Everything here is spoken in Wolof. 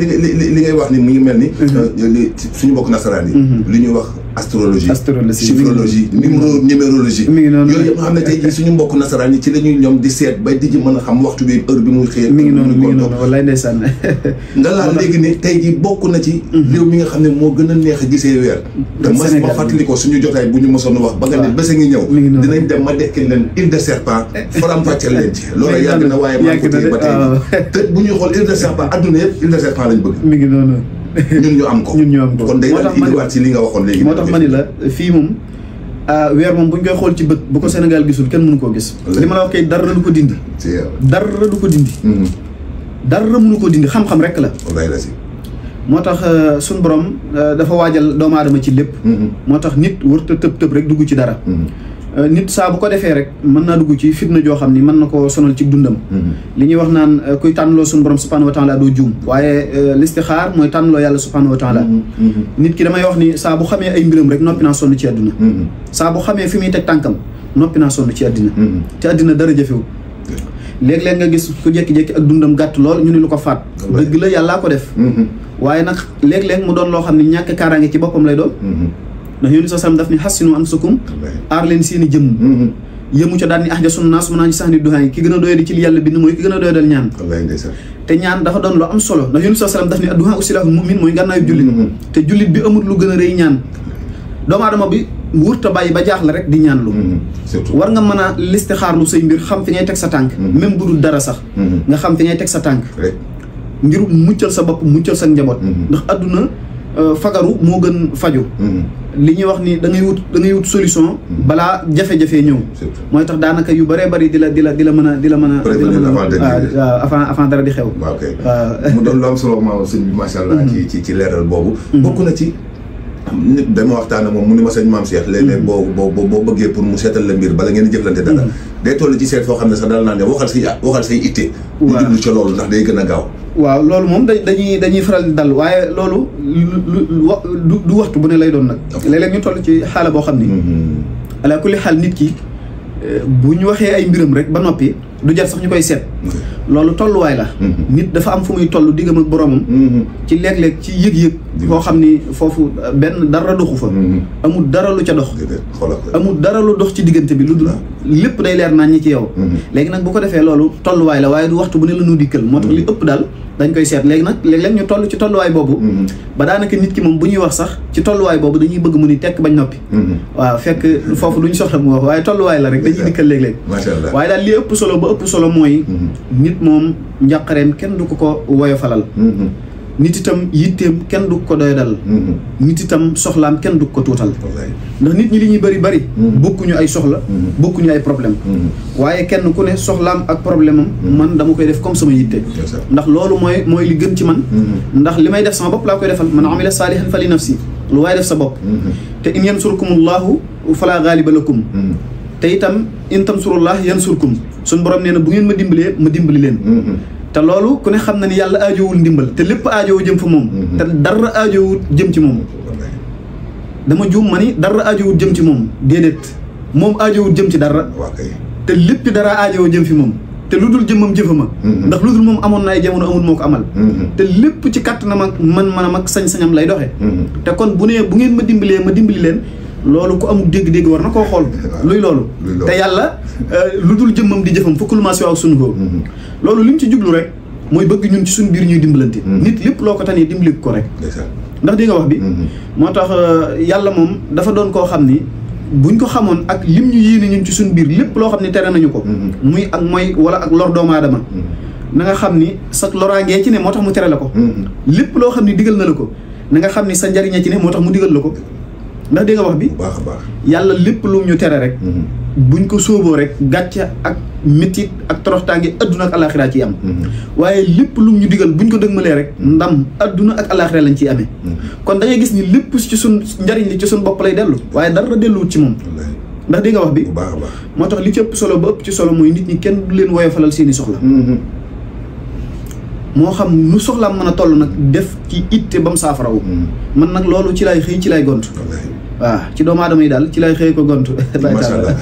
li li li ngay wax ni mu ngi mel ni. Mhm. Euh, suñu bokk nasaraan yi. Mhm. li ñuy wax astrologie astrologie chiffrologie numéro mi ngi noonu yooyu yëpp xam ne tey jii suñu mbokk nasaraan yi ci la ñuy ñoom di seet ba di ji mën a xam waxtu bi heure bi muy xëy. mi ngi noonu mi ngi noonu wallaay ndeysaan. nga laal léegi ne tey jii bokk na ci. Mhm. réew mi nga xam ne moo gën a neex gisee weer. te mas ma fàttali ko suñu jotaay bu ñu mosoon wax. ba nga ne bés a ngi ñëw. dinañ dem ma dekkil leen île de serpent. faram fàcceel leen ci. loolu yàgg na waaye maa ngi ba tey bu ñuy xool île de serpent adduna yëpp île de serpent lañ bëgg ñun ñu am ko ñun ñu am ko kon day daal indiwaat ci li nga waxoon léegi moo tax ma ni la fii moom ah, weer moom bu ñu koy xool ci bët bu ko Sénégal gisul kenn mënu koo gis li ma la wax kay dara du ko dindi dara du ko dindi mm-hmm. dara mënu koo dindi xam-xam rek la moo tax euh, suñ borom euh, dafa waajal doomu aadama ci lépp mm-hmm. moo tax nit warut a tëb tëb rek dugg ci dara mm-hmm. Euh, nit saa bu ko defee rek mën naa dugg ci fitna joo xam ni mën na ko sonal ci dundam mhm. li ñuy wax naan euh, kuy tànnloo suñu borom subhanahu wa taala doo juum waaye euh, listixaar mooy tànnloo yàlla subhanahu wa taala mhm. mhm. nit ki damay wax ni saa bu xamee ay mbiram rek noppi naa sonn ci àdduna saa bu xamee fi muy teg tànkam noppi naa sonn ci àddina te àddina dara jëfewul léeg-léeg nga gis ku jékki-jékki ak dundam gàtt lool ñu ne lu ko faat dëgg la yàllaa ko def waaye nag léeg-léeg mu doon loo xam ne ñàkk kaaraange ci boppam lay doon ndax yéen sa sam daf ni xassinu anfusakum aar leen seen i jëmm mm-hmm. yëmu co daan ni ax ja sun naas mun naa sax ni duhaay ki gën a doyadi ci yàlla bind mooy ki gën a doyadal ñaan te ñaan dafa doon lu am solo ndax yéen sa sam daf ni adduhaa usilaahu mu'min mooy ngànnaayu jullit mm-hmm. te jullit bi amul lu gën a rëy ñaan doomu aadama bi wurta bàyyi ba jaaxle rek di ñaan lu mm-hmm. war nga mën a listixaar lu say mbir xam fi ngay teg sa tànk même bu dul dara sax nga xam sa tànk ngir muccal Euh, fagaru moo gën faju hmm. li ñuy wax ni da ngay wut da ngay wut solution hmm. balaa jafe-jafe ñëw mooy tax daanaka yu bare bëri di la di la la mën a di la mën a di la mën a di xew waaw kay mu doon lu ma sëñ bi macha allah hmm. ci ci ci leeral boobu bokk na ci nit dama waxtaan ak moom mu boo boo boo pour mu seetal la mbir bala ngeen di jëflante dara day toll ci seet foo xam ne sax dal naa ne waxal say waxal say itte ñu jublu ca ndax day gën a gaaw waaw loolu moom dañuy dañuy faral di dal waaye loolu lu du waxtu bu ne lay doon nag léeg-léeg ñu toll ci xaala boo xam ni mm-hmm. ala kulli xaal nit ki eh, bu ñu waxee ay mbiram rek ba noppi du jar sax ñu koy set mm-hmm. loolu tolluwaay la mm-hmm. nit dafa am fu muy toll diggam ak boromam ci léeg-léeg ci yëg-yëg foo xam ni foofu euh, benn dara doxu fa mm-hmm. amul dara lu ca dox amul dara lu dox ci diggante bi lu dul ah. lépp day leer naa ñi ci yow mm-hmm. léegi nag bu ko defee loolu tolluwaay la waaye du waxtu bu ne la ñu dikkal moo tax li mm-hmm. ëpp daal dañ koy seet léegi nag léeg-léeg ñu toll ci tolluwaay boobu ba daanaka nit ki moom bu ñuy wax sax ci tolluwaay boobu dañuy bëgg mu ni tekk ba noppi waaw fekk foofu lu ñu soxla mu wax waaye tolluwaay la rek dañuy dikkal léeg-léeg waaye daal li ëpp solo ba ëpp solo mooy nit moom njàqareem kenn du ko ko woyofalal nit itam yitteem kenn du ko doy dal mhm. nit itam soxlaam kenn du ko tuutal ndax nit ñi li ñuy bëri bari mhm. bokkuñu ay soxla mhm. bokkuñu ay problème waaye kenn ku ne soxlaam ak problème am man dama koy def comme sama yitte ndax loolu mooy mooy li gën ci man ndax li may def sama bopp laa koy defal man amila saalihan fa li si lu waaye def sa bopp te in yansurkumullahu fala gaaliba lakum te itam in tansurullah yansurkum suñ borom nee na bu ngeen ma dimbalee ma dimbali leen te loolu ku ne xam na ni yàlla aajowul ndimbal te lépp aajowoo jëm fa moom mhm. te dara aajowut jëm ci moom dama juum ma ni dara aajowut jëm ci moom déedéet moom aajowut jëm ci dara te lépp dara aajowoo jëm fi moom te lu dul jëmmam jëfa ma mhm. ndax lu dul moom amoon na ay jamono amul moo ko amal mhm. te lépp ci kàttanam ak man manam ak sañ-sañam lay doxe te kon bu nee bu ngeen ma dimbalee ma dimbali leen loolu ku amul dégg-dégg war na koo xool luy loolu te yàlla euh, lu dul jëmmam di jëfam fukk lu ma si waaw sunu ko mm-hmm. loolu li ci jublu rek mooy bëgg ñun ci suñu biir ñuy dimbalante mm-hmm. nit lépp loo ko tanee dimbali ko rek ndax di nga wax bi mm-hmm. moo tax euh, yàlla moom dafa doon ko xam ni buñ ko xamoon ak lim ñu yéene ñun ci suñu biir lépp loo xam ne tere nañu ko muy ak moy wala ak lor doomu aadama na nga xam ni sa loraangee ci ne moo tax mu tere la ko lépp loo xam ne digal na la ko nga xam ni sa njariña ci ne moo tax mu digal la ko ndax dégg nga wax bi. baax yàlla lépp lu ñu tere rek. Mhm. buñ ko sóoboo rek gàcce ak métit ak toroxtaange adduna ak alaxira ci am. Mhm. waaye lépp lu ñu digal buñ ko dëgmalee rek. Mhm. ndam adduna ak alaxira lañ ciy amee. kon da gis ni lépp ci suñ njariñ li ci suñ bopp lay dellu. waaye dara delluwut ci moom. ndax dégg nga wax bi. baax baax moo tax li ci ëpp solo ba ëpp ci solo mooy nit ñi kenn du leen woyofalal seen i soxla. moo xam nu soxlaam mën a toll nag def ci it ba mu saafarawu mm. man nag loolu ci lay xëy ci lay gont waaw ci doomu aadama yi daal ci lay xëy ko gont